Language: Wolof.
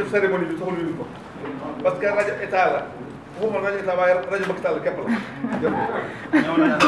def cérémonie bi soxla ñu ko parce que rajo état la waxuma rajo état waaye rajo Macky Sall képp la jërëjëf